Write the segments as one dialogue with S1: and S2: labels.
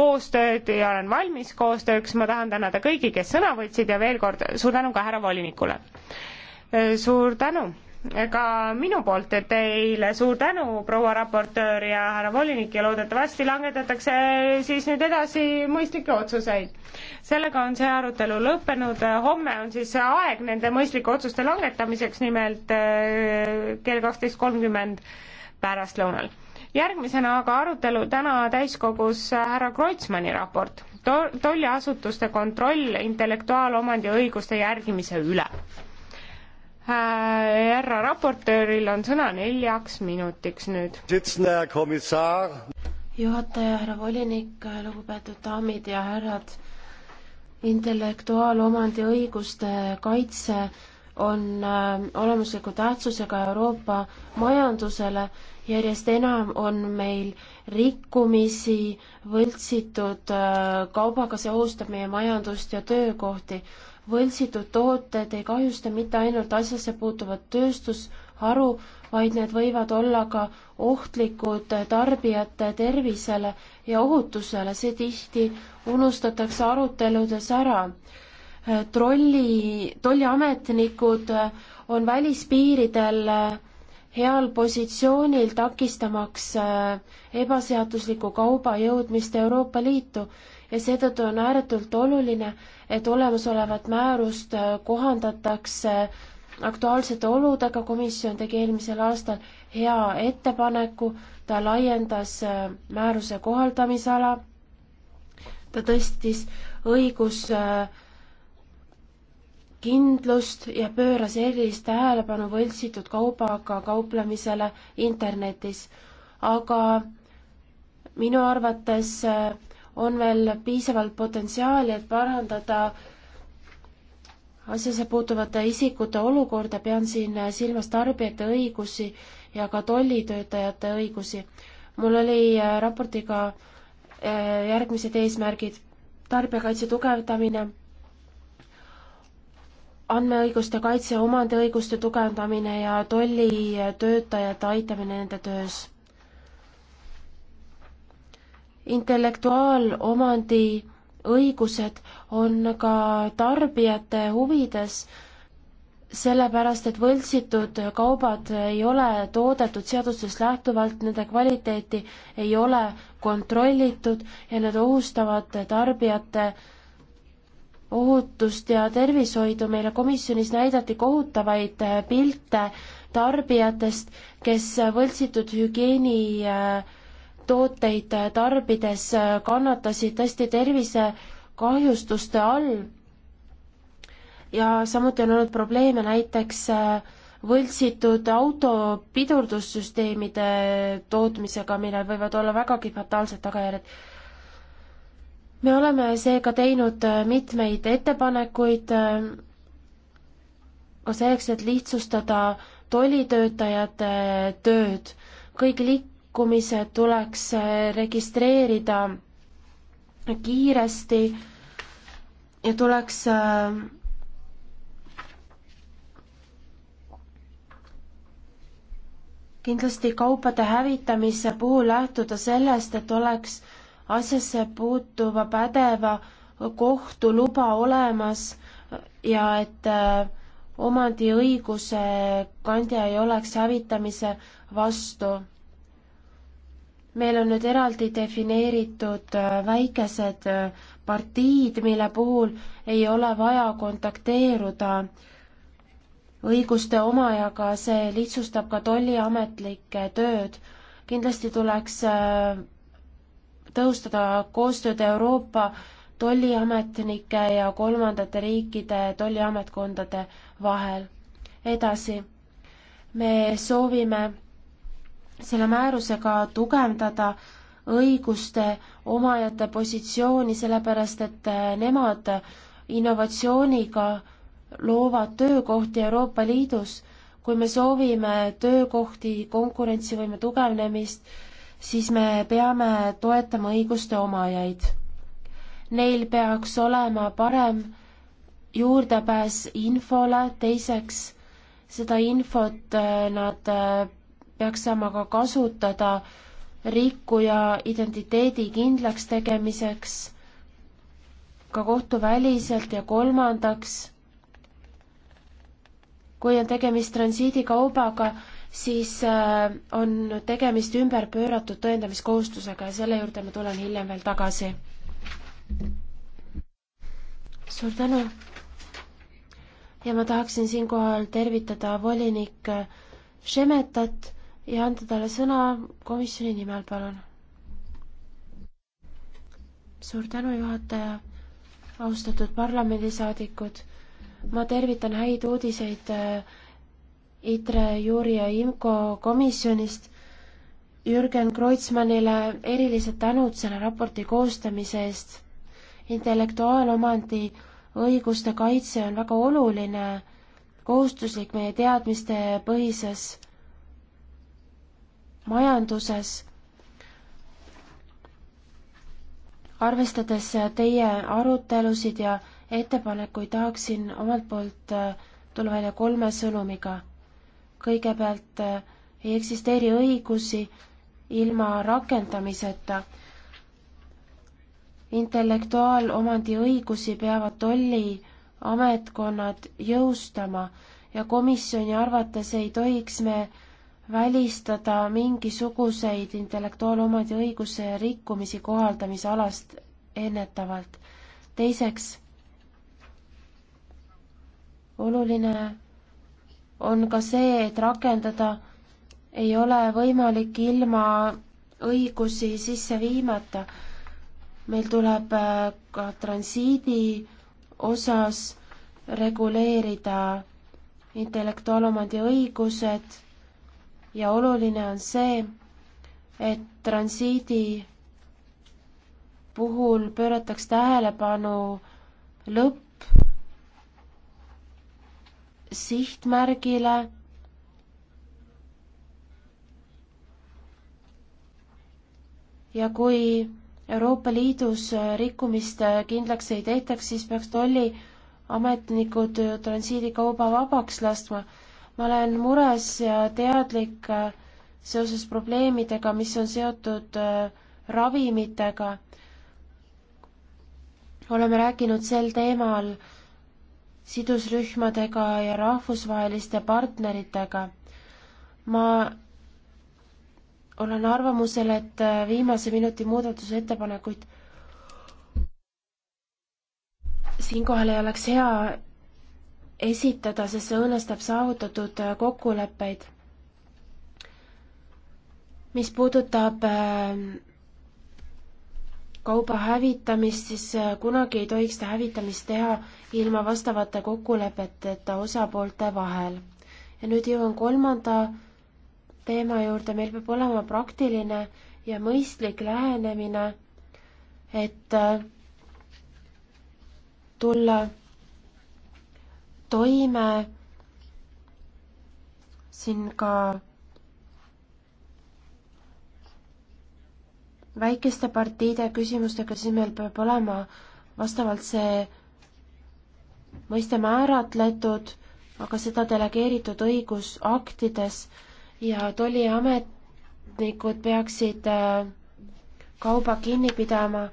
S1: koostööd ja olen valmis koostööks, ma tahan tänada kõigi, kes sõna võtsid ja veel kord suur tänu ka härra volinikule. suur tänu ka minu poolt teile suur tänu, proua raportöör ja härra volinik ja loodetavasti langetatakse siis nüüd edasi mõistlikke otsuseid. sellega on see arutelu lõppenud, homme on siis aeg nende mõistlike otsuste langetamiseks, nimelt äh, kell kaksteist kolmkümmend pärastlõunal järgmisena aga arutelu täna täiskogus härra Kreutzmanni raport to-, tolliasutuste kontroll intellektuaalomandi õiguste järgimise üle. Äh, härra raportööril on sõna
S2: neljaks minutiks nüüd. juhataja, härra volinik, lugupeetud daamid ja härrad, intellektuaalomandi õiguste kaitse on äh, olemusliku tähtsusega Euroopa majandusele järjest enam on meil rikkumisi, võltsitud äh, kaubaga, see ohustab meie majandust ja töökohti. võltsitud tooted ei kahjusta mitte ainult asjasse puutuvat tööstusharu, vaid need võivad olla ka ohtlikud tarbijate tervisele ja ohutusele, see tihti unustatakse aruteludes ära äh, trolli, tolliametnikud äh, on välispiiridel heal positsioonil takistamaks äh, ebaseadusliku kauba jõudmist Euroopa Liitu ja seetõttu on ääretult oluline, et olemasolevat määrust äh, kohandatakse äh, aktuaalsete oludega, komisjon tegi eelmisel aastal hea ettepaneku, ta laiendas määruse kohaldamisala, ta tõstis õigus äh, kindlust ja pööras erilist tähelepanu võltsitud kaubaga kauplemisele internetis. aga minu arvates äh, on veel piisavalt potentsiaali, et parandada asjasse puutuvate isikute olukorda, pean siin äh, silmas tarbijate õigusi ja ka tollitöötajate õigusi. mul oli äh, raportiga järgmised eesmärgid, tarbijakaitse tugevdamine andmeõiguste kaitse, omandiõiguste tugevdamine ja tollitöötajate aitamine nende töös. intellektuaalomandi õigused on ka tarbijate huvides, sellepärast et võltsitud kaubad ei ole toodetud seadustest lähtuvalt, nende kvaliteeti ei ole kontrollitud ja need ohustavad tarbijate ohutust ja tervishoidu, meile komisjonis näidati kohutavaid äh, pilte tarbijatest, kes äh, võltsitud hügieenitooteid äh, tarbides kannatasid tõesti tervisekahjustuste all. ja samuti on olnud probleeme näiteks võltsitud auto pidurdussüsteemide tootmisega, millel võivad olla vägagi fataalsed tagajärjed me oleme seega teinud äh, mitmeid ettepanekuid ka äh, selleks, et lihtsustada tollitöötajate äh, tööd. kõik liikumised tuleks registreerida kiiresti ja tuleks kindlasti kaupade hävitamise puhul lähtuda sellest, et oleks asjasse puutuva pädeva kohtu luba olemas ja et äh, omandiõiguse kandja ei oleks hävitamise vastu. meil on nüüd eraldi defineeritud äh, väikesed äh, partiid, mille puhul ei ole vaja kontakteeruda õiguste omajaga, see lihtsustab ka tolliametnike tööd. kindlasti tuleks tõhustada koostööd Euroopa tolliametnike ja kolmandate riikide tolliametkondade vahel. edasi, me soovime selle määrusega tugevdada õiguste omajate positsiooni, sellepärast et nemad innovatsiooniga loovad töökohti Euroopa Liidus. kui me soovime töökohti, konkurentsivõime tugevnemist, siis me peame toetama õiguste omajaid. Neil peaks olema parem juurdepääs infole, teiseks seda infot äh, nad äh, peaks saama ka kasutada rikkuja identiteedi kindlaks tegemiseks, ka kohtuväliselt ja kolmandaks, kui on tegemist transiidikaubaga, siis äh, on tegemist ümberpööratud tõendamiskohustusega ja selle juurde ma tulen hiljem veel tagasi. suur tänu! ja ma tahaksin siinkohal tervitada volinik äh, Šemetat ja anda talle sõna komisjoni nimel, palun. suur tänu, juhataja, austatud parlamendisaadikud. ma tervitan häid uudiseid äh, ITRE, Juri ja IMCO komisjonist Jürgen Kreutzmannile erilised tänud selle raporti koostamise eest. intellektuaalomandi õiguste kaitse on väga oluline kohustuslik meie teadmistepõhises majanduses. arvestades teie arutelusid ja ettepanekuid, tahaksin omalt poolt tulla välja kolme sõnumiga kõigepealt äh, ei eksisteeri õigusi ilma rakendamiseta. intellektuaalomandi õigusi peavad tolli ametkonnad jõustama ja komisjoni arvates ei tohiks me välistada mingisuguseid intellektuaalomandi õiguse rikkumisi kohaldamisalast ennetavalt. teiseks, oluline on ka see, et rakendada ei ole võimalik ilma õigusi sisse viimata. meil tuleb äh, ka transiidi osas reguleerida intellektuaalomandi õigused ja oluline on see, et transiidi puhul pöörataks tähelepanu lõpp sihtmärgile ja kui Euroopa Liidus rikkumist kindlaks ei tehtaks, siis peaks tolliametnikud transiidikauba vabaks laskma. ma olen mures ja teadlik seoses probleemidega, mis on seotud äh, ravimitega. oleme rääkinud sel teemal sidusrühmadega ja rahvusvaheliste partneritega. ma olen arvamusel, et äh, viimase minuti muudatusettepanekuid siinkohal ei oleks hea esitada, sest see õõnestab saavutatud äh, kokkuleppeid. mis puudutab äh, kauba hävitamist, siis äh, kunagi ei tohiks seda hävitamist teha ilma vastavate kokkulepeteta osapoolte vahel. ja nüüd jõuan kolmanda teema juurde, meil peab olema praktiline ja mõistlik lähenemine, et äh, tulla toime siin ka väikeste partiide küsimustega, siis meil peab olema vastavalt see mõiste määratletud, aga seda delegeeritud õigusaktides ja tolliametnikud peaksid äh, kauba kinni pidama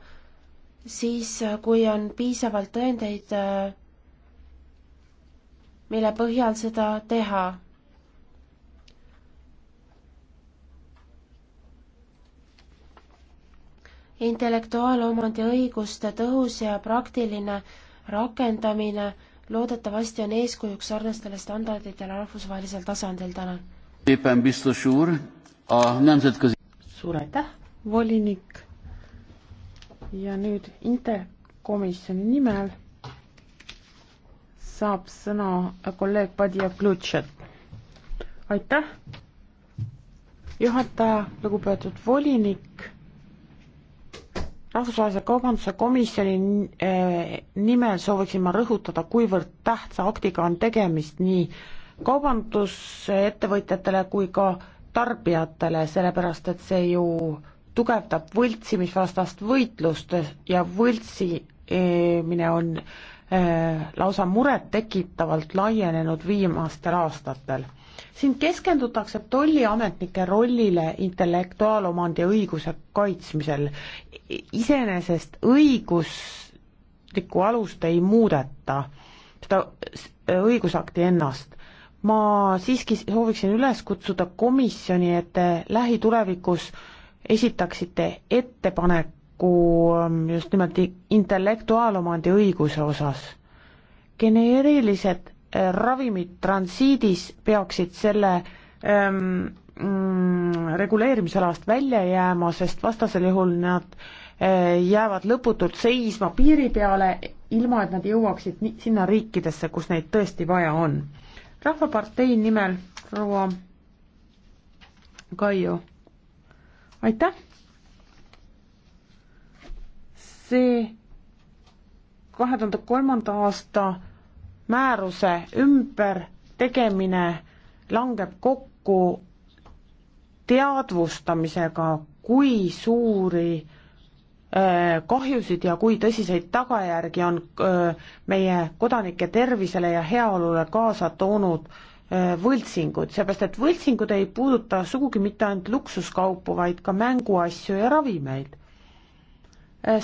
S2: siis, kui on piisavalt tõendeid, äh, mille põhjal seda teha intellektuaalomandi õiguste tõhus ja praktiline rakendamine loodetavasti on eeskujuks sarnastele standarditele rahvusvahelisel tasandil täna. suur aitäh, volinik.
S3: ja nüüd interkomisjoni nimel saab sõna kolleeg Padja Klutšet. aitäh, juhataja, lugupeetud volinik rahvusvahelise kaubanduse komisjoni eh, nimel sooviksin ma rõhutada, kuivõrd tähtsa aktiga on tegemist nii kaubandusettevõtjatele kui ka tarbijatele, sellepärast et see ju tugevdab võltsimisvastast võitlust ja võltsimine on eh, lausa murettekitavalt laienenud viimastel aastatel siin keskendutakse tolliametnike rollile intellektuaalomandi õiguse kaitsmisel. iseenesest õiguslikku alust ei muudeta, seda õigusakti ennast. ma siiski sooviksin üles kutsuda komisjoni, et te lähitulevikus esitaksite ettepaneku ähm, just nimelt intellektuaalomandi õiguse osas. geneerilised ravimid transiidis peaksid selle ähm, mm, reguleerimisalast välja jääma, sest vastasel juhul nad äh, jäävad lõputult seisma piiri peale, ilma et nad jõuaksid nii, sinna riikidesse, kus neid tõesti vaja on. rahvapartei nimel proua Kaiu, aitäh! see kahe tuhande kolmanda aasta määruse ümbertegemine langeb kokku teadvustamisega, kui suuri kahjusid ja kui tõsiseid tagajärgi on meie kodanike tervisele ja heaolule kaasa toonud võltsingud, seepärast et võltsingud ei puuduta sugugi mitte ainult luksuskaupu, vaid ka mänguasju ja ravimeid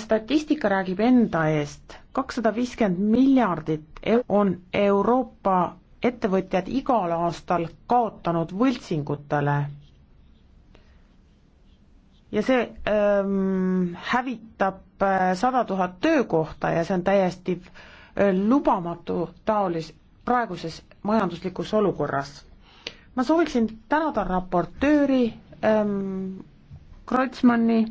S3: statistika räägib enda eest, kakssada viiskümmend miljardit on Euroopa ettevõtjad igal aastal kaotanud võltsingutele. ja see ähm, hävitab äh, sada tuhat töökohta ja see on täiesti äh, lubamatu taolis praeguses majanduslikus olukorras. ma sooviksin tänada raportööri ähm, Kreutzmanni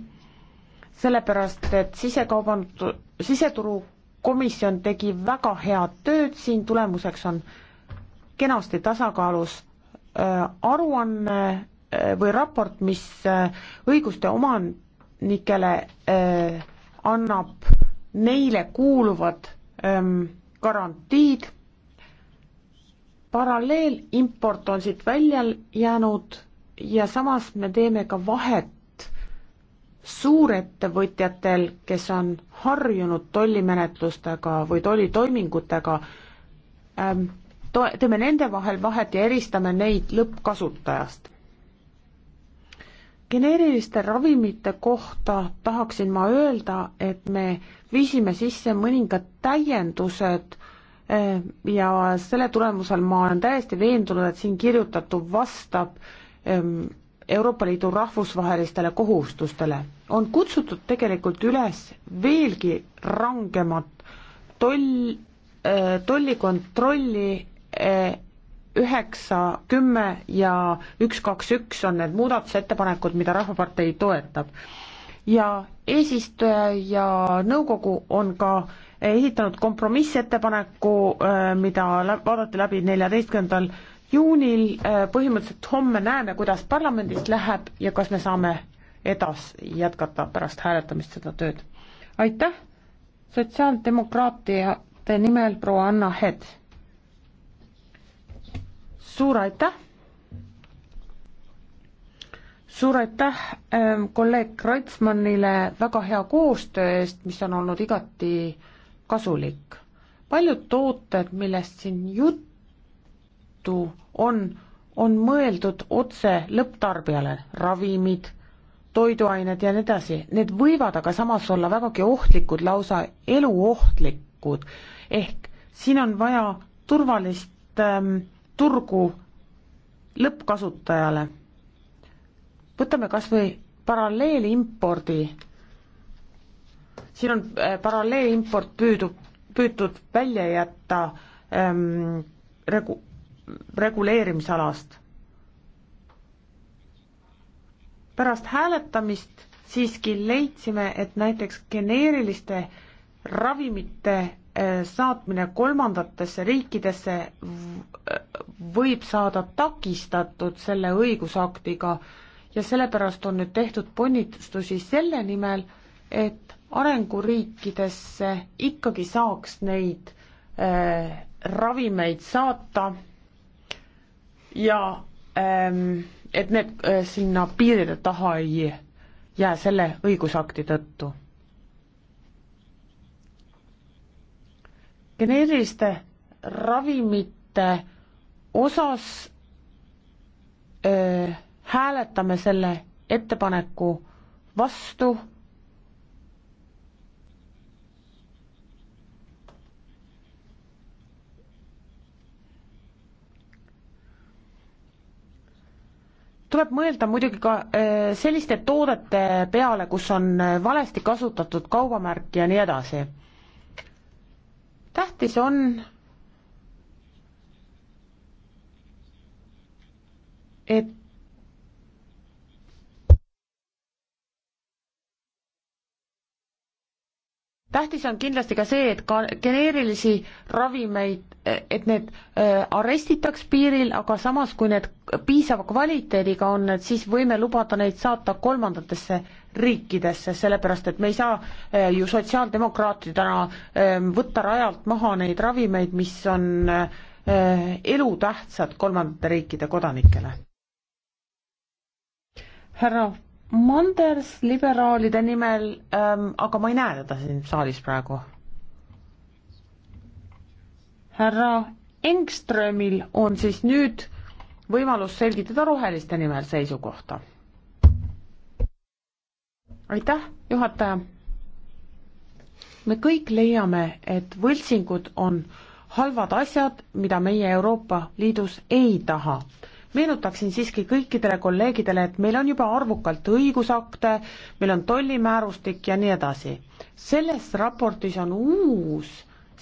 S3: sellepärast et sisekauband-, siseturukomisjon tegi väga head tööd, siin tulemuseks on kenasti tasakaalus äh, aruanne äh, või raport, mis äh, õiguste omanikele äh, annab neile kuuluvad ähm, garantiid, paralleelimport on siit välja jäänud ja samas me teeme ka vahet suurettevõtjatel, kes on harjunud tollimenetlustega või tollitoimingutega ähm,, to-, teeme nende vahel vahet ja eristame neid lõppkasutajast. geneeriliste ravimite kohta tahaksin ma öelda, et me viisime sisse mõningad täiendused äh, ja selle tulemusel ma olen täiesti veendunud, et siin kirjutatu vastab ähm, Euroopa Liidu rahvusvahelistele kohustustele, on kutsutud tegelikult üles veelgi rangemat toll, äh, tollikontrolli äh, üheksa, kümme ja üks, kaks, üks on need muudatusettepanekud, mida Rahvapartei toetab. ja eesistuja ja nõukogu on ka esitanud kompromissettepaneku, äh, mida vaadati läbi neljateistkümnendal juunil, äh, põhimõtteliselt homme näeme, kuidas parlamendis läheb ja kas me saame edasi jätkata pärast hääletamist seda tööd. aitäh, sotsiaaldemokraatide nimel proua Anna Hed. suur aitäh suur aitäh ähm, kolleeg Kreutzmannile väga hea koostöö eest, mis on olnud igati kasulik. paljud tooted, millest siin jutt tõttu on, on mõeldud otse lõpptarbijale, ravimid, toiduained ja nii edasi, need võivad aga samas olla vägagi ohtlikud, lausa eluohtlikud. ehk siin on vaja turvalist ähm, turgu lõppkasutajale. võtame kas või paralleelimpordi, siin on äh, paralleelimport püüdu, püütud välja jätta ähm, regu-, reguleerimisalast. pärast hääletamist siiski leidsime, et näiteks geneeriliste ravimite äh, saatmine kolmandatesse riikidesse võib saada takistatud selle õigusaktiga ja sellepärast on nüüd tehtud ponnistusi selle nimel, et arenguriikidesse ikkagi saaks neid äh, ravimeid saata ja ähm, et need äh, sinna piiride taha ei jää selle õigusakti tõttu. geneeriliste ravimite osas öö, äh, hääletame selle ettepaneku vastu tuleb mõelda muidugi ka äh, selliste toodete peale, kus on äh, valesti kasutatud kaubamärk ja nii edasi. tähtis on, et tähtis on kindlasti ka see, et ka geneerilisi ravimeid, et need äh, arestitaks piiril, aga samas, kui need piisava kvaliteediga on, et siis võime lubada neid saata kolmandatesse riikidesse, sellepärast et me ei saa äh, ju sotsiaaldemokraatidena ähm, võtta rajalt maha neid ravimeid, mis on äh, elutähtsad kolmandate riikide kodanikele. härra Manders liberaalide nimel ähm,, aga ma ei näe teda siin saalis praegu. härra Engströmil on siis nüüd võimalus selgitada roheliste nimel seisukohta. aitäh, juhataja. me kõik leiame, et võltsingud on halvad asjad, mida meie Euroopa Liidus ei taha meenutaksin siiski kõikidele kolleegidele, et meil on juba arvukalt õigusakte, meil on tollimäärustik ja nii edasi. selles raportis on uus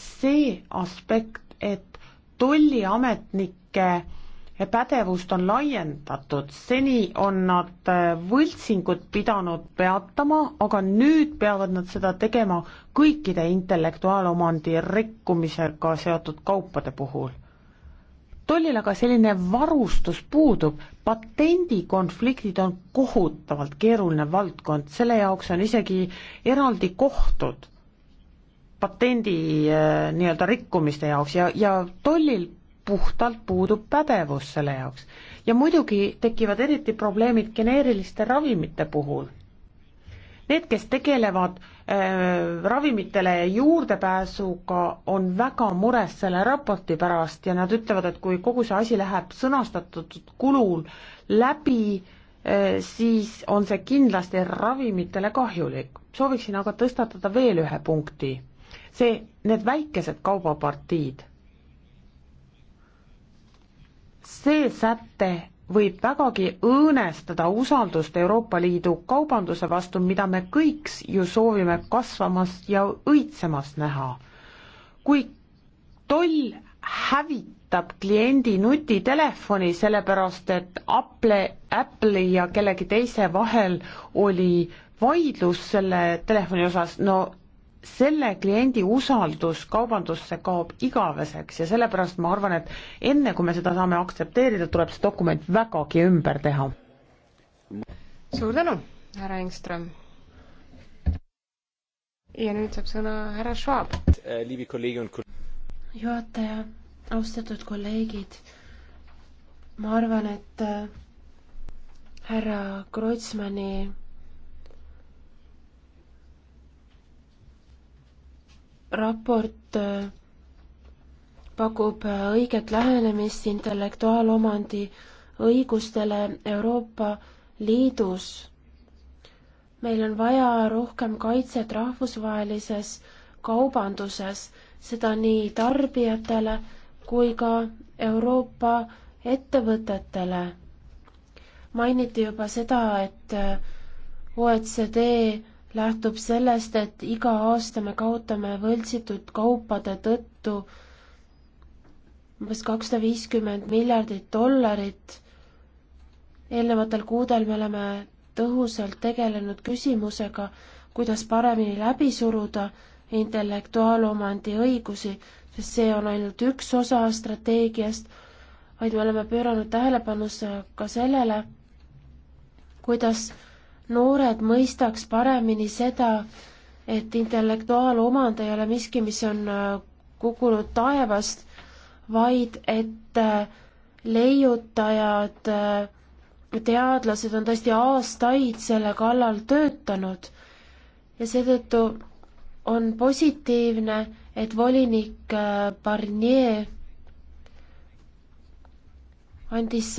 S3: see aspekt, et tolliametnike pädevust on laiendatud, seni on nad äh, võltsingut pidanud peatama, aga nüüd peavad nad seda tegema kõikide intellektuaalomandi rikkumisega seotud kaupade puhul tollil aga selline varustus puudub, patendikonfliktid on kohutavalt keeruline valdkond, selle jaoks on isegi eraldi kohtud patendi äh, nii-öelda rikkumiste jaoks ja, ja tollil puhtalt puudub pädevus selle jaoks. ja muidugi tekivad eriti probleemid geneeriliste ravimite puhul Need, kes tegelevad äh, ravimitele juurdepääsuga, on väga mures selle raporti pärast ja nad ütlevad, et kui kogu see asi läheb sõnastatud kulul läbi äh,, siis on see kindlasti ravimitele kahjulik. sooviksin aga tõstatada veel ühe punkti. see, need väikesed kaubapartiid, see säte võib vägagi õõnestada usaldust Euroopa Liidu kaubanduse vastu, mida me kõik ju soovime kasvamas ja õitsemas näha. kui toll hävitab kliendi nutitelefoni, sellepärast et Apple, Apple'i ja kellegi teise vahel oli vaidlus selle telefoni osas, no selle kliendi usaldus kaubandusse kaob igaveseks ja sellepärast ma arvan, et enne kui me seda saame aktsepteerida, tuleb see dokument vägagi ümber teha.
S1: suur tänu, härra Engström. ja
S2: nüüd saab sõna härra Schwab. Äh, juhataja, austatud kolleegid, ma arvan, et äh, härra Kreutzmanni raport äh, pakub äh, õiget lähenemist intellektuaalomandi õigustele Euroopa Liidus. meil on vaja rohkem kaitset rahvusvahelises kaubanduses, seda nii tarbijatele kui ka Euroopa ettevõtetele. mainiti juba seda, et äh, OECD lähtub sellest, et iga aasta me kaotame võltsitud kaupade tõttu umbes kakssada viiskümmend miljardit dollarit. eelnevatel kuudel me oleme tõhusalt tegelenud küsimusega, kuidas paremini läbi suruda intellektuaalomandi õigusi, sest see on ainult üks osa strateegiast, vaid me oleme pööranud tähelepanu ka sellele, kuidas noored mõistaks paremini seda, et intellektuaalomand ei ole miski, mis on äh, kukkunud taevast, vaid et äh, leiutajad, äh, teadlased on tõesti aastaid selle kallal töötanud ja seetõttu on positiivne, et volinik Barnier andis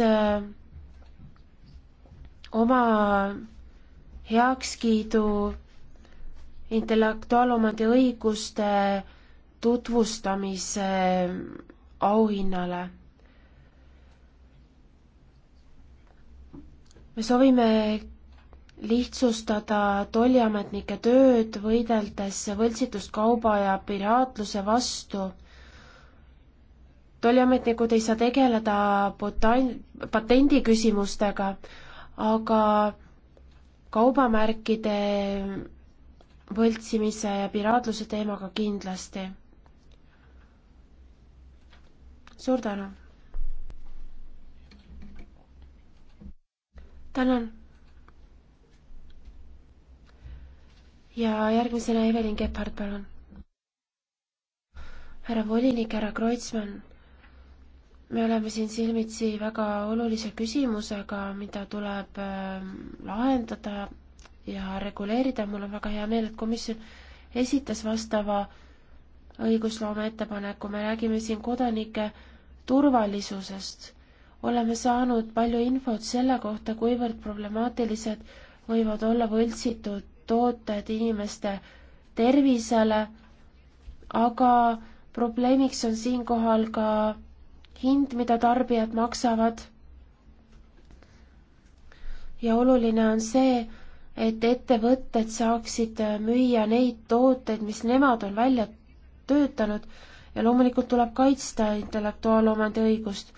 S2: oma heakskiidu intellektuaalomandi õiguste tutvustamise auhinnale. me soovime lihtsustada tolliametnike tööd, võideldes võltsitust kauba ja piraatluse vastu. tolliametnikud ei saa tegeleda botan-, patendiküsimustega, aga kaubamärkide võltsimise ja piraatluse teemaga kindlasti. suur tänu. tänan. ja järgmisena Evelin Keppard, palun. härra volinik, härra Kreutzmann me oleme siin silmitsi väga olulise küsimusega, mida tuleb ähm, lahendada ja reguleerida. mul on väga hea meel, et komisjon esitas vastava õigusloome ettepaneku. me räägime siin kodanike turvalisusest. oleme saanud palju infot selle kohta, kuivõrd problemaatilised võivad olla võltsitud tooted inimeste tervisele, aga probleemiks on siinkohal ka hind, mida tarbijad maksavad. ja oluline on see, et ettevõtted saaksid müüa neid tooteid, mis nemad on välja töötanud ja loomulikult tuleb kaitsta intellektuaalomandi õigust.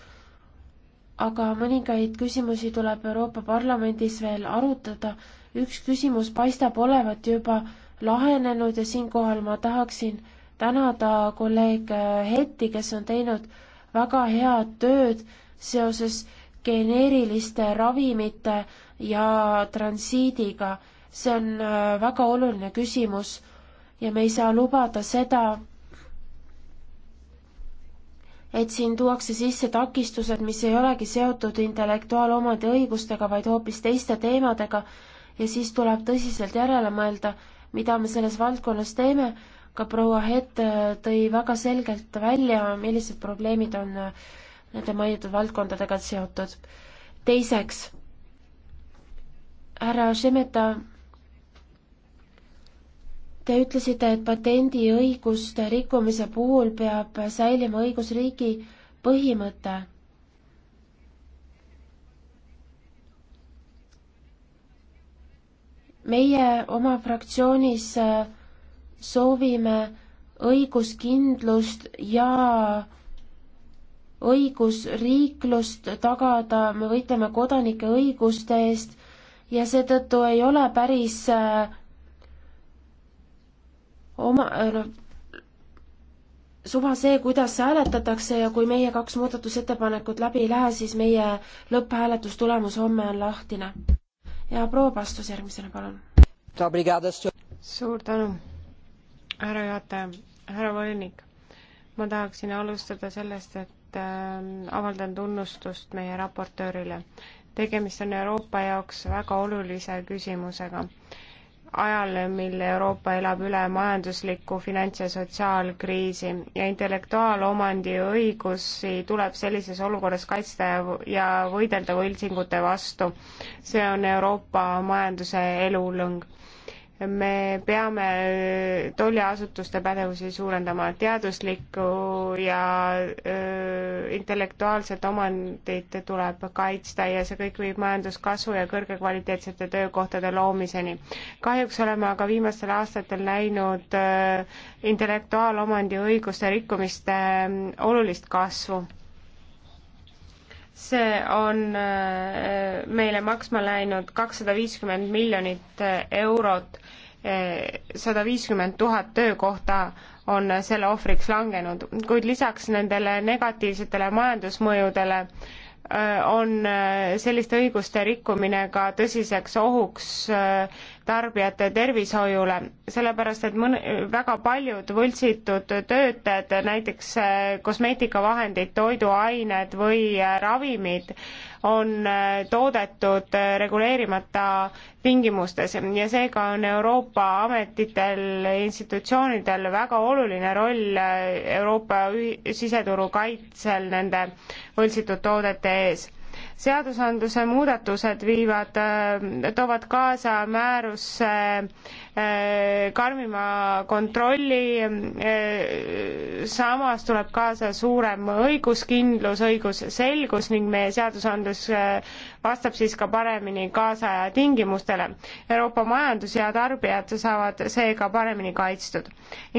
S2: aga mõningaid küsimusi tuleb Euroopa Parlamendis veel arutada. üks küsimus paistab olevat juba lahenenud ja siinkohal ma tahaksin tänada kolleeg Hetti, kes on teinud väga head tööd seoses geneeriliste ravimite ja transiidiga. see on äh, väga oluline küsimus ja me ei saa lubada seda, et siin tuuakse sisse takistused, mis ei olegi seotud intellektuaalomandi õigustega, vaid hoopis teiste teemadega ja siis tuleb tõsiselt järele mõelda, mida me selles valdkonnas teeme ka proua Hett äh, tõi väga selgelt välja, millised probleemid on äh, nende mainitud valdkondadega seotud. teiseks, härra Šemeta, te ütlesite, et patendiõiguste rikkumise puhul peab säilima õigusriigi põhimõte meie oma fraktsioonis äh, soovime õiguskindlust ja õigusriiklust tagada, me võitleme kodanike õiguste eest ja seetõttu ei ole päris äh, oma no, äh, suva see, kuidas hääletatakse ja kui meie kaks muudatusettepanekut läbi ei lähe, siis meie lõpphääletustulemus homme on lahtine. ja proua Pastus järgmisena, palun.
S1: suur tänu härra juhataja, härra volinik, ma tahaksin alustada sellest, et ähm, avaldan tunnustust meie raportöörile. tegemist on Euroopa jaoks väga olulise küsimusega. ajal, mil Euroopa elab üle majandusliku, finants- ja sotsiaalkriisi ja intellektuaalomandi õigusi tuleb sellises olukorras kaitsta ja võidelda võltsingute vastu. see on Euroopa majanduse elulõng me peame äh, tolliasutuste pädevusi suurendama, teaduslikku ja öö, äh, intellektuaalset omandit tuleb kaitsta ja see kõik viib majanduskasvu ja kõrgekvaliteetsete töökohtade loomiseni. kahjuks oleme aga viimastel aastatel näinud öö, äh, intellektuaalomandi õiguste rikkumiste olulist kasvu see on meile maksma läinud kakssada viiskümmend miljonit eurot sada viiskümmend tuhat töökohta on selle ohvriks langenud, kuid lisaks nendele negatiivsetele majandusmõjudele äh, on äh, selliste õiguste rikkumine ka tõsiseks ohuks äh, tarbijate tervishoiule, sellepärast et mõn-, väga paljud võltsitud töötajad, näiteks äh, kosmeetikavahendid, toiduained või äh, ravimid, on äh, toodetud reguleerimata tingimustes ja seega on Euroopa ametitel, institutsioonidel väga oluline roll Euroopa siseturu kaitsel nende võltsitud toodete ees seadusandluse muudatused viivad, äh, toovad kaasa määrusse äh, karmima kontrolli, äh, samas tuleb kaasa suurem õiguskindlus, õigusselgus ning meie seadusandlus vastab siis ka paremini kaasaja tingimustele. Euroopa majandus ja tarbijad saavad seega paremini kaitstud.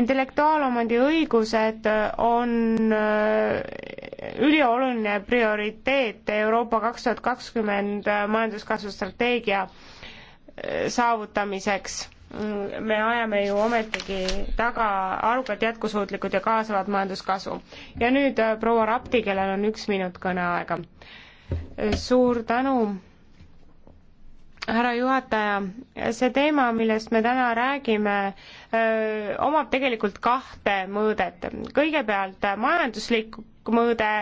S1: intellektuaalomandi õigused on äh, ülioluline prioriteet Euroopa kaks tuhat kakskümmend majanduskasvu strateegia äh, saavutamiseks me ajame ju ometigi taga arukalt jätkusuutlikud ja kaasavat majanduskasvu. ja nüüd äh, proua Rapti, kellel on üks minut kõneaega suur tänu, härra juhataja. see teema, millest me täna räägime, omab tegelikult kahte mõõdet. kõigepealt majanduslik mõõde,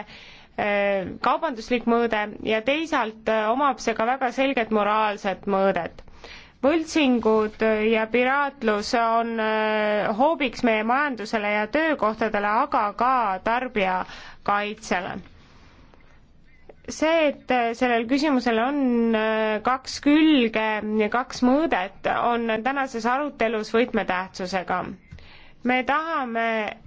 S1: kaubanduslik mõõde ja teisalt omab see ka väga selget moraalset mõõdet võltsingud ja piraatlus on hoobiks meie majandusele ja töökohtadele, aga ka tarbijakaitsele see, et sellel küsimusel on äh, kaks külge ja kaks mõõdet, on tänases arutelus võtmetähtsusega. me tahame,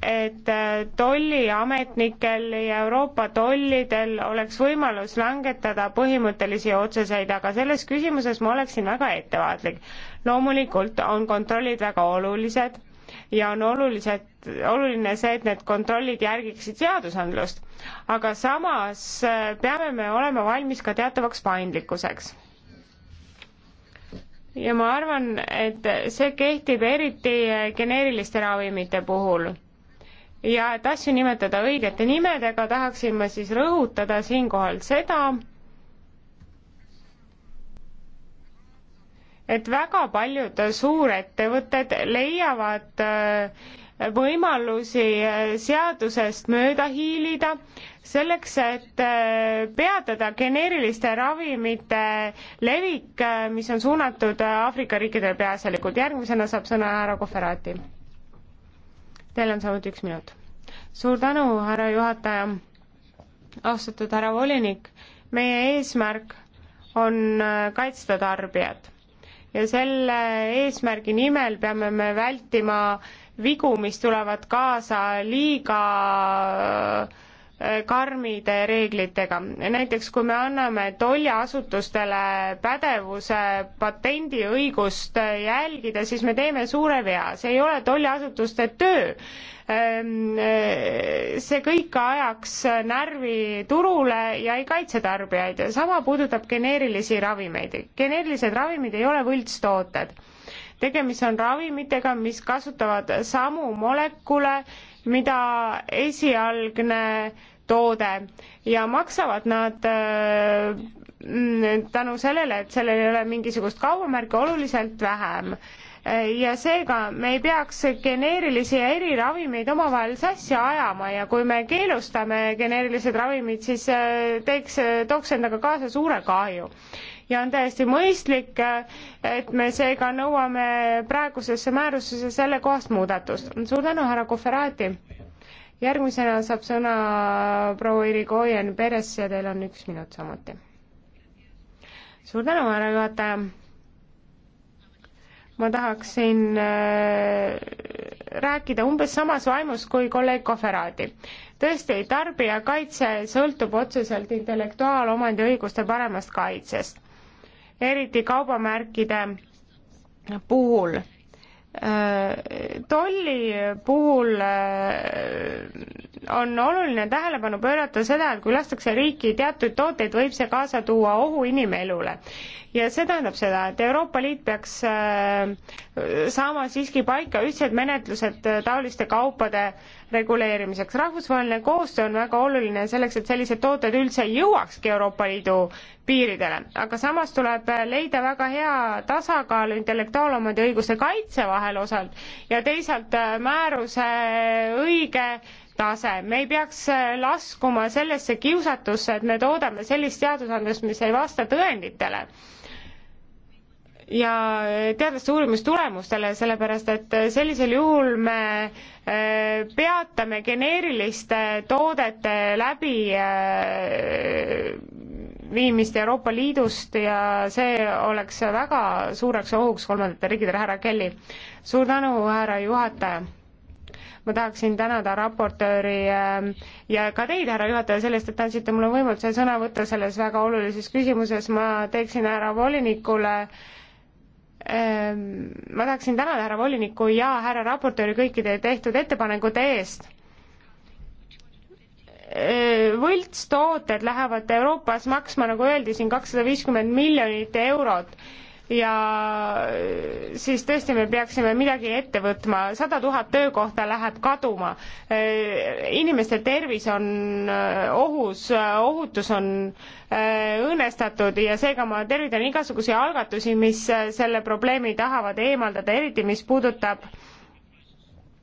S1: et äh, tolliametnikel ja Euroopa tollidel oleks võimalus langetada põhimõttelisi otsuseid, aga selles küsimuses ma oleksin väga ettevaatlik. loomulikult on kontrollid väga olulised ja on olulised, oluline see, et need kontrollid järgiksid seadusandlust. aga samas äh, peame me olema valmis ka teatavaks paindlikkuseks. ja ma arvan, et see kehtib eriti äh, geneeriliste ravimite puhul ja et asju nimetada õigete nimedega, tahaksin ma siis rõhutada siinkohal seda, et väga paljud suurettevõtted leiavad äh, võimalusi äh, seadusest mööda hiilida selleks, et äh, peatada geneeriliste ravimite levik, mis on suunatud Aafrika riikidele peaasjalikult. järgmisena saab sõna härra Kohverati. Teil on samuti üks minut. suur tänu, härra juhataja. austatud härra volinik, meie eesmärk on kaitsta tarbijat ja selle eesmärgi nimel peame me vältima vigu, mis tulevad kaasa liiga karmide reeglitega. näiteks kui me anname tolliasutustele pädevuse patendiõigust jälgida, siis me teeme suure vea, see ei ole tolliasutuste töö. Ehm, see kõik ajaks närvi turule ja ei kaitse tarbijaid. sama puudutab geneerilisi ravimeid. geneerilised ravimid ei ole võltstooted tegemist on ravimitega, mis kasutavad samu molekule mida esialgne toode ja maksavad nad äh, tänu sellele, et sellel ei ole mingisugust kaubamärki, oluliselt vähem ja seega me ei peaks geneerilisi ja eriravimeid omavahel sassi ajama ja kui me keelustame geneerilised ravimid, siis äh, teeks, tooks endaga kaasa suure kahju ja on täiesti mõistlik, et me seega nõuame praegusesse määrusesse sellekohast muudatust. suur tänu, härra Koferaati! järgmisena saab sõna proua Irigoyen Peres ja teil on üks minut samuti. suur tänu, härra juhataja! ma tahaksin äh, rääkida umbes samas vaimus kui kolleeg Koferaadi. tõesti, tarbijakaitse sõltub otseselt intellektuaalomandi õiguste paremast kaitsest eriti kaubamärkide puhul. Äh, tolli puhul äh, on oluline tähelepanu pöörata seda, et kui lastakse riiki teatud tooteid, võib see kaasa tuua ohu inimelule ja see tähendab seda, et Euroopa Liit peaks äh, saama siiski paika ühtsed menetlused äh, taoliste kaupade reguleerimiseks. rahvusvaheline koostöö on väga oluline selleks, et sellised tooted üldse jõuakski Euroopa Liidu piiridele, aga samas tuleb äh, leida väga hea tasakaal intellektuaalomandi õiguse kaitse vahel osalt ja teisalt määruse õige tase, me ei peaks laskuma sellesse kiusatusse, et me toodame sellist seadusandlust, mis ei vasta tõenditele ja teadlaste uurimustulemustele, sellepärast et sellisel juhul me äh, peatame geneeriliste toodete läbi äh, viimist Euroopa Liidust ja see oleks väga suureks ohuks kolmandatele riikidele, härra Kelly. suur tänu, härra juhataja! ma tahaksin tänada raportööri äh, ja ka teid, härra juhataja, sellest, et andsite mulle võimaluse sõna võtta selles väga olulises küsimuses, ma teeksin härra volinikule äh, Ehm, ma tahaksin tänada härra volinikku ja härra raportööri kõikide tehtud ettepanekute eest. Ehm, võltstooted lähevad Euroopas maksma, nagu öeldi siin, kakssada viiskümmend miljonit eurot ja siis tõesti me peaksime midagi ette võtma, sada tuhat töökohta läheb kaduma. Äh, inimeste tervis on äh, ohus, äh, ohutus on õõnestatud ja seega ma tervitan igasuguseid algatusi, mis selle probleemi tahavad eemaldada, eriti mis puudutab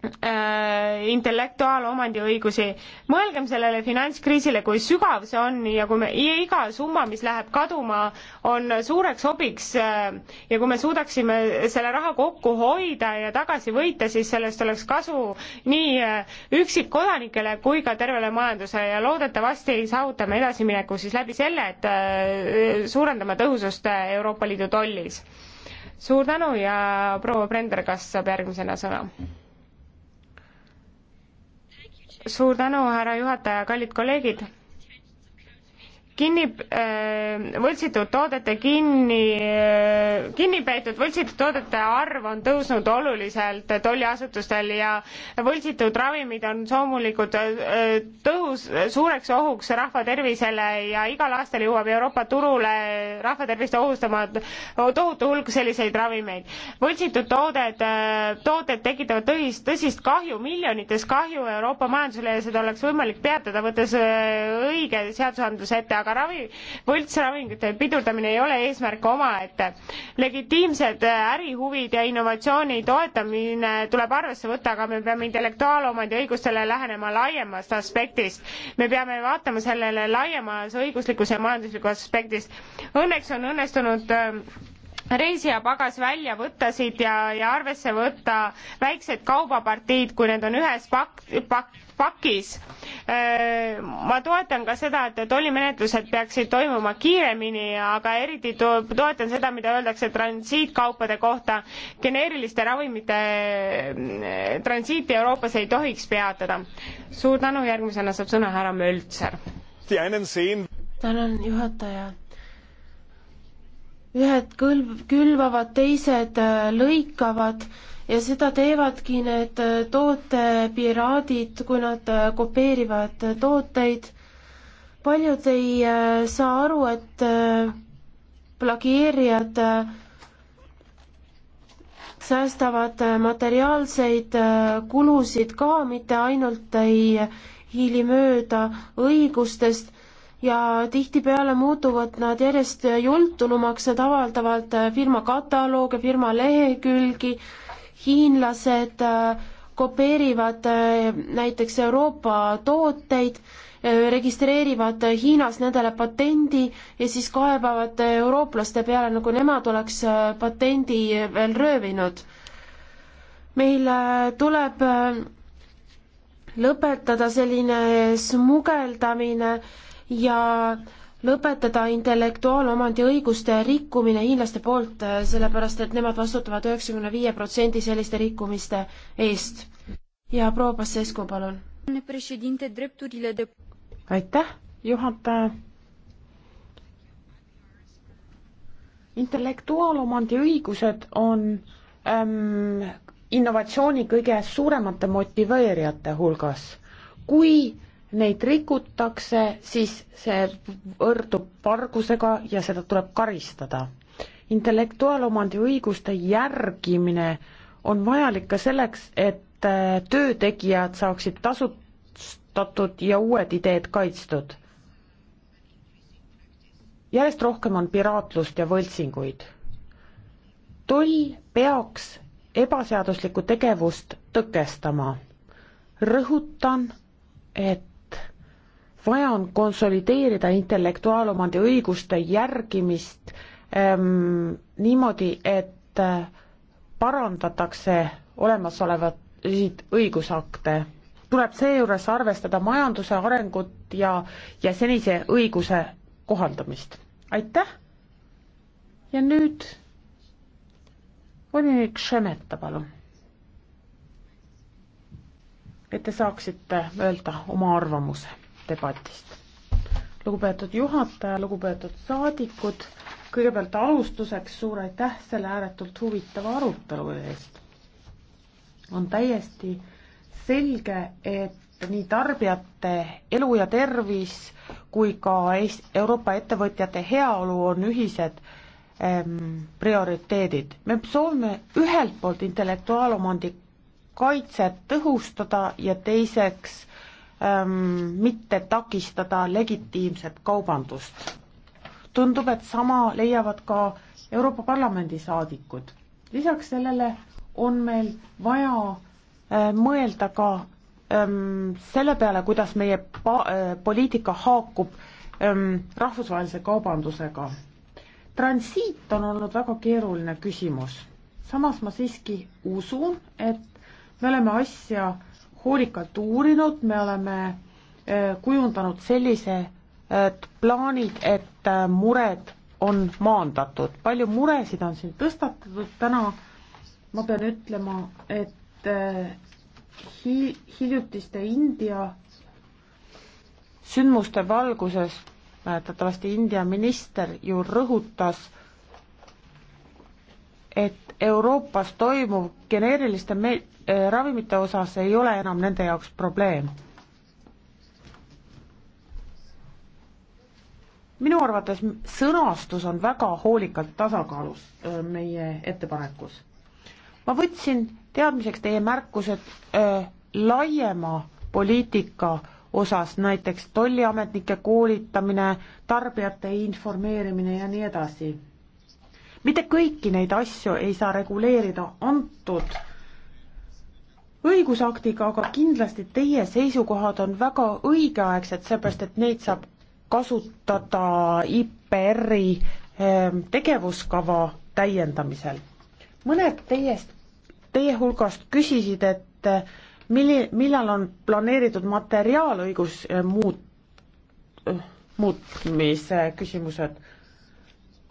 S1: äh, intellektuaalomandi õigusi. mõelgem sellele finantskriisile, kui sügav see on ja kui me ja iga summa, mis läheb kaduma, on suureks hobiks äh, ja kui me suudaksime selle raha kokku hoida ja tagasi võita, siis sellest oleks kasu nii äh, üksikkodanikele kui ka tervele majandusele ja loodetavasti saavutame edasimineku siis läbi selle, et äh, suurendame tõhusust äh, Euroopa Liidu tollis suur tänu ja proua Brender, kas saab järgmisena sõna? suur tänu, härra juhataja, kallid kolleegid kinni äh,, võltsitud toodete kinni äh,, kinni peetud võltsitud toodete arv on tõusnud oluliselt tolliasutustel ja võltsitud ravimid on loomulikult äh, tõhus, suureks ohuks rahva tervisele ja igal aastal jõuab Euroopa turule rahva tervist ohustama tohutu hulk selliseid ravimeid. võltsitud tooded äh,, tooted tekitavad tõsist, tõsist kahju, miljonites kahju Euroopa majandusele ja seda oleks võimalik peatada, võttes äh, õige seadusandluse ette, aga ravi, võltsravingute pidurdamine ei ole eesmärk omaette. legitiimsed äh, ärihuvid ja innovatsiooni toetamine tuleb arvesse võtta, aga me peame intellektuaalomandi õigustele lähenema laiemast aspektist. me peame vaatama sellele laiemas õiguslikus ja majanduslikus aspektis. Õnneks on õnnestunud ähm, reisija pagas välja võtta siit ja, ja arvesse võtta väiksed kaubapartiid, kui need on ühes pak-, pak-, pakis. Äh, ma toetan ka seda, et tollimenetlused peaksid toimuma kiiremini, aga eriti toetan seda, mida öeldakse transiitkaupade kohta. geneeriliste ravimite äh, transiiti Euroopas ei tohiks peatada. suur tänu, järgmisena saab sõna härra Möltser.
S2: tänan, juhataja ühed kõlb-, külvavad, teised äh, lõikavad ja seda teevadki need äh, tootepiraadid, kui nad äh, kopeerivad tooteid. paljud ei saa aru, et plagieerijad säästavad materiaalseid kulusid ka, mitte ainult ei hiili mööda õigustest, ja tihtipeale muutuvad nad järjest jultunumaks, nad avaldavad äh, firma kataloogi, firma lehekülgi, hiinlased äh, kopeerivad äh, näiteks Euroopa tooteid, registreerivad Hiinas nendele patendi ja siis kaebavad eurooplaste peale, nagu nemad oleks patendi veel röövinud. meil tuleb lõpetada selline smugeldamine äh, ja lõpetada intellektuaalomandi õiguste rikkumine hiinlaste poolt, sellepärast et nemad vastutavad üheksakümne viie protsendi selliste rikkumiste eest. ja proua Pasescu, palun. aitäh, juhataja. intellektuaalomandi
S3: õigused on ähm, innovatsiooni kõige suuremate motiveerijate hulgas. kui neid rikutakse, siis see võrdub vargusega ja seda tuleb karistada. intellektuaalomandi õiguste järgimine on vajalik ka selleks, et äh, töötegijad saaksid tasustatud ja uued ideed kaitstud. järjest rohkem on piraatlust ja võltsinguid. toll peaks ebaseaduslikku tegevust tõkestama. rõhutan, et vaja on konsolideerida intellektuaalomandi õiguste järgimist ähm, niimoodi, et äh, parandatakse olemasolevaid õigusakte. tuleb seejuures arvestada majanduse arengut ja, ja senise õiguse kohaldamist. aitäh! ja nüüd volinik Šemeta, palun. et te saaksite öelda oma arvamuse debatist. lugupeetud juhataja, lugupeetud saadikud, kõigepealt alustuseks suur aitäh selle ääretult huvitava arutelu eest. on täiesti selge, et nii tarbijate elu ja tervis kui ka Eest-, Euroopa ettevõtjate heaolu on ühised ähm, prioriteedid. me soovime ühelt poolt intellektuaalomandi kaitset tõhustada ja teiseks äh, ähm, mitte takistada legitiimset kaubandust. tundub, et sama leiavad ka Euroopa Parlamendi saadikud. lisaks sellele on meil vaja äh, mõelda ka ähm, selle peale, kuidas meie pa- äh,, poliitika haakub ähm, rahvusvahelise kaubandusega. transiit on olnud väga keeruline küsimus. samas ma siiski usun, et me oleme asja äh, hoolikalt uurinud, me oleme eh, kujundanud sellised eh, plaanid, et eh, mured on maandatud. palju muresid on siin tõstatatud täna, ma pean ütlema, et hi-, hiljutiste India sündmuste valguses mäletatavasti India minister ju rõhutas, et Euroopas toimuv geneeriliste me-, Äh, ravimite osas ei ole enam nende jaoks probleem. minu arvates sõnastus on väga hoolikalt tasakaalus äh, meie ettepanekus. ma võtsin teadmiseks teie märkused öö, äh, laiema poliitika osas, näiteks tolliametnike koolitamine, tarbijate informeerimine ja nii edasi. mitte kõiki neid asju ei saa reguleerida antud õigusaktiga, aga kindlasti teie seisukohad on väga õigeaegsed, seepärast et neid saab kasutada IPR-i ehm, tegevuskava täiendamisel. mõned teiest, teie hulgast küsisid, et eh, milli-, millal on planeeritud materiaalõigus eh, muut-, eh, muutmise küsimused.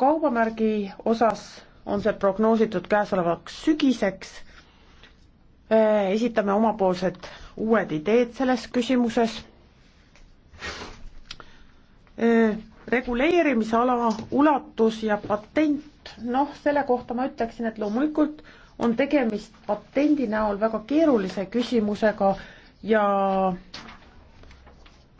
S3: kaubamärgi osas on see prognoositud käesolevaks sügiseks esitame omapoolsed uued ideed selles küsimuses. reguleerimisala ulatus ja patent, noh, selle kohta ma ütleksin, et loomulikult on tegemist patendi näol väga keerulise küsimusega ja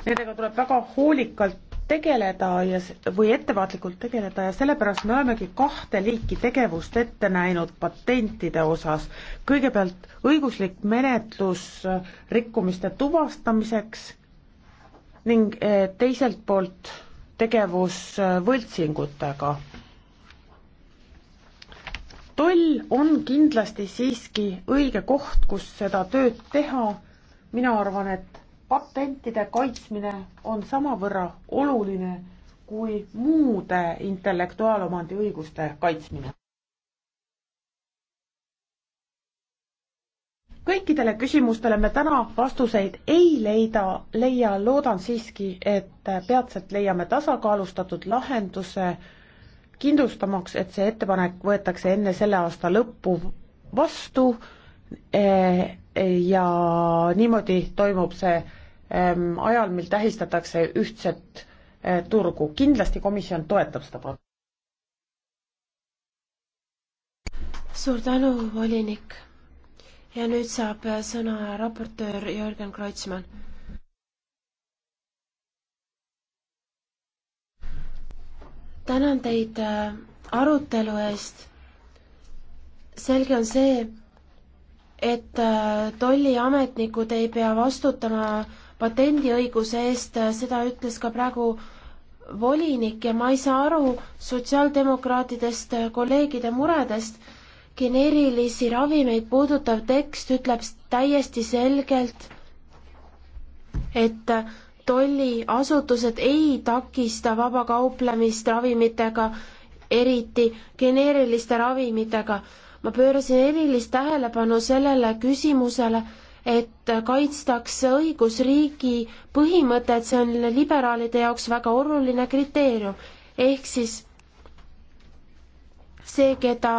S3: nendega tuleb väga hoolikalt tegeleda ja, või ettevaatlikult tegeleda ja sellepärast me olemegi kahte liiki tegevust ette näinud patentide osas. kõigepealt õiguslik menetlus äh, rikkumiste tuvastamiseks ning äh, teiselt poolt tegevus äh, võltsingutega. toll on kindlasti siiski õige koht, kus seda tööd teha, mina arvan, et patentide kaitsmine on samavõrra oluline kui muude intellektuaalomandi õiguste kaitsmine. kõikidele küsimustele me täna vastuseid ei leida, leia, loodan siiski, et peatselt leiame tasakaalustatud lahenduse, kindlustamaks, et see ettepanek võetakse enne selle aasta lõppu vastu eh, ja niimoodi toimub see Ähm, ajal, mil tähistatakse ühtset äh, turgu, kindlasti komisjon toetab seda pro-.
S2: suur tänu, volinik. ja nüüd saab sõna raportöör Jörgen Kreutzmann. tänan teid äh, arutelu eest. selge on see, et äh, tolliametnikud ei pea vastutama äh, patendiõiguse eest, seda ütles ka praegu volinik ja ma ei saa aru sotsiaaldemokraatidest kolleegide muredest. geneerilisi ravimeid puudutav tekst ütleb täiesti selgelt, et tolliasutused ei takista vabakauplemist ravimitega, eriti geneeriliste ravimitega. ma pöörasin erilist tähelepanu sellele küsimusele et kaitstakse õigusriigi põhimõtet, see on liberaalide jaoks väga oluline kriteerium. ehk siis see, keda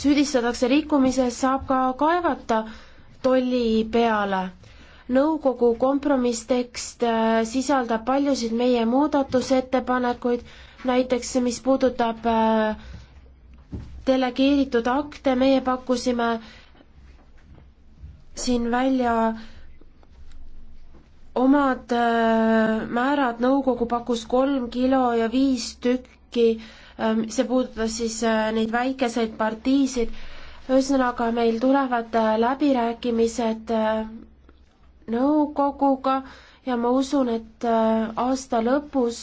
S2: süüdistatakse rikkumises, saab ka kaevata tolli peale. nõukogu kompromisstekst äh, sisaldab paljusid meie muudatusettepanekuid, näiteks mis puudutab äh, delegeeritud akte, meie pakkusime siin välja omad äh, määrad, nõukogu pakkus kolm kilo ja viis tükki, ähm, see puudutas siis äh, neid väikeseid partiisid, ühesõnaga meil tulevad äh, läbirääkimised nõukoguga ja ma usun, et aasta lõpus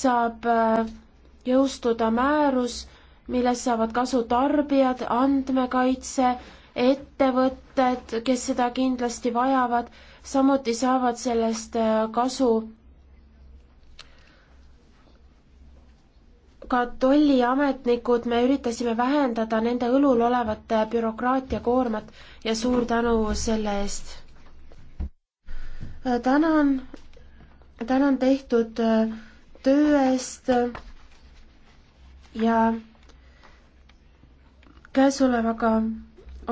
S2: saab jõustuda määrus, millest saavad kasu tarbijad, andmekaitse, ettevõtted, kes seda kindlasti vajavad, samuti saavad sellest äh, kasu ka tolliametnikud, me üritasime vähendada nende õlul olevat äh, bürokraatiakoormat ja suur tänu selle eest. Äh, tänan, tänan tehtud töö eest ja käesolevaga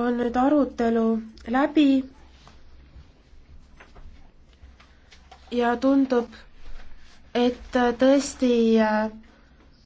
S2: on nüüd arutelu läbi ja tundub, et tõesti äh,